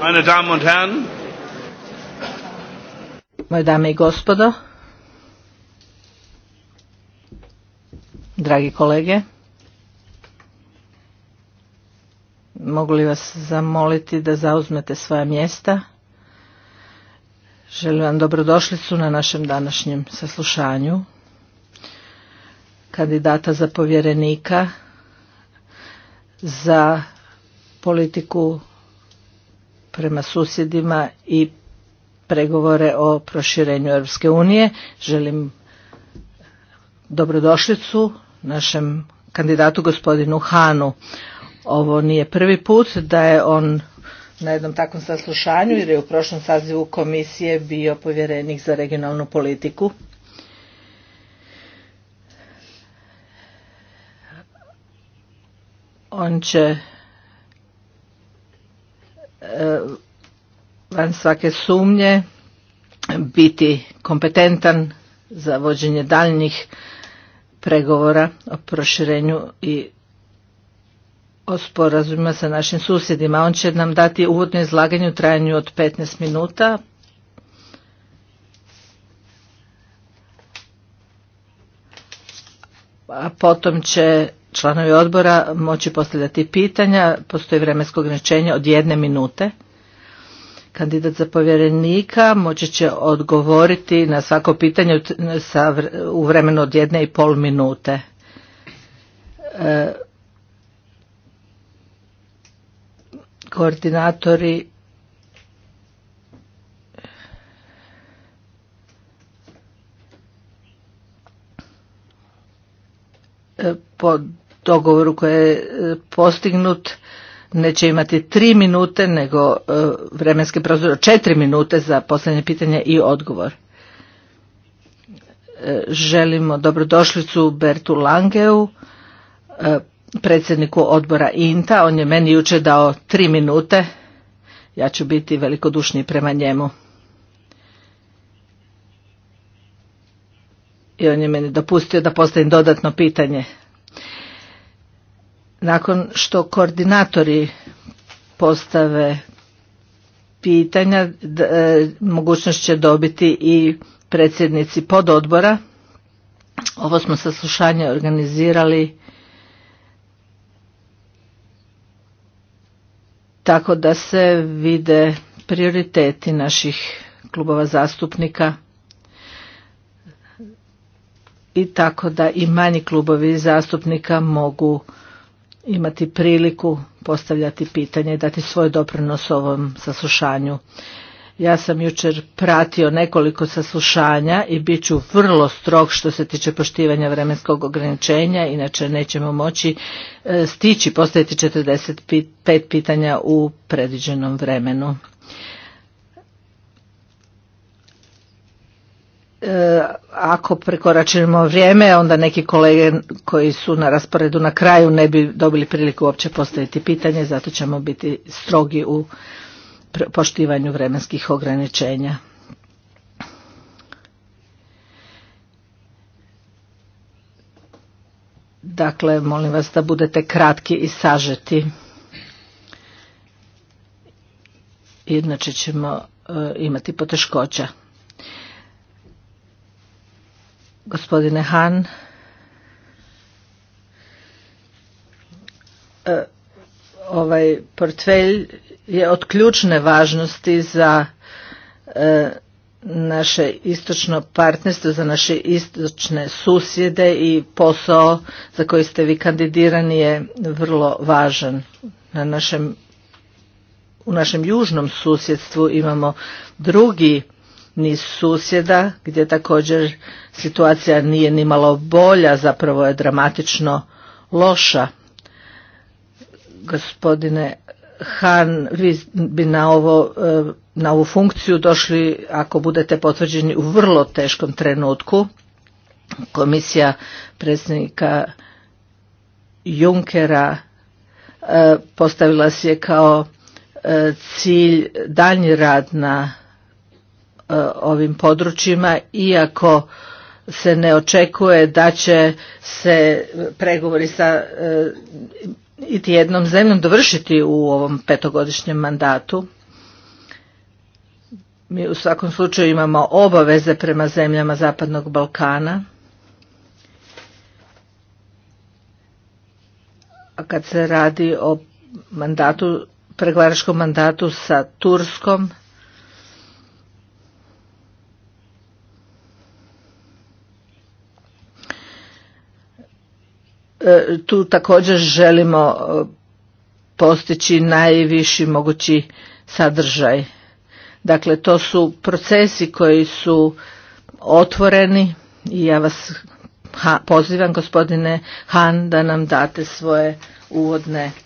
Meine Damen und Herren. Moje dame i gospodo. Dragi kolege. Mogu li vas zamoliti da zauzmete svoja mjesta? Želim vam dobrodošlicu na našem današnjem saslušanju kandidata za povjerenika za politiku prema susjedima i pregovore o proširenju Europske unije. Želim dobrodošlicu našem kandidatu gospodinu Hanu. Ovo nije prvi put da je on na jednom takvom saslušanju jer je u prošlom sazivu komisije bio povjerenik za regionalnu politiku. on će e, van svake sumnje biti kompetentan za vođenje daljnjih pregovora o proširenju i o sporazumima sa našim susjedima. On će nam dati uvodno izlaganje u trajanju od 15 minuta. A potom će članovi odbora moći postavljati pitanja, postoji vremensko ograničenje od jedne minute. Kandidat za povjerenika moći će odgovoriti na svako pitanje u vremenu od jedne i pol minute. E, koordinatori e, pod dogovoru koji je e, postignut neće imati tri minute nego e, vremenski prozor četiri minute za posljednje pitanje i odgovor. E, želimo dobrodošlicu Bertu Langeu, predsjedniku odbora INTA. On je meni jučer dao tri minute. Ja ću biti velikodušniji prema njemu. I on je meni dopustio da postavim dodatno pitanje nakon što koordinatori postave pitanja e, mogućnost će dobiti i predsjednici pododbora ovo smo saslušanje organizirali tako da se vide prioriteti naših klubova zastupnika i tako da i manji klubovi zastupnika mogu imati priliku postavljati pitanje i dati svoj doprinos ovom saslušanju. Ja sam jučer pratio nekoliko saslušanja i bit ću vrlo strog što se tiče poštivanja vremenskog ograničenja, inače nećemo moći e, stići postaviti 45 pitanja u predviđenom vremenu. E, ako prekoračujemo vrijeme, onda neki kolege koji su na rasporedu na kraju ne bi dobili priliku uopće postaviti pitanje, zato ćemo biti strogi u poštivanju vremenskih ograničenja. Dakle, molim vas da budete kratki i sažeti. Inače ćemo e, imati poteškoća gospodine Han. E, ovaj portfelj je od ključne važnosti za e, naše istočno partnerstvo, za naše istočne susjede i posao za koji ste vi kandidirani je vrlo važan. Na našem, u našem južnom susjedstvu imamo drugi ni susjeda gdje također situacija nije ni malo bolja, zapravo je dramatično loša. Gospodine Han, vi bi na, ovo, e, na ovu funkciju došli ako budete potvrđeni u vrlo teškom trenutku. Komisija predsjednika Junkera e, postavila se kao e, cilj daljnji rad na E, ovim područjima iako se ne očekuje da će se pregovori sa e, iti jednom zemljom dovršiti u ovom petogodišnjem mandatu. Mi u svakom slučaju imamo obaveze prema zemljama Zapadnog Balkana. A kad se radi o mandatu, pregovaračkom mandatu sa Turskom, E, tu također želimo e, postići najviši mogući sadržaj. Dakle, to su procesi koji su otvoreni i ja vas pozivam gospodine Han da nam date svoje uvodne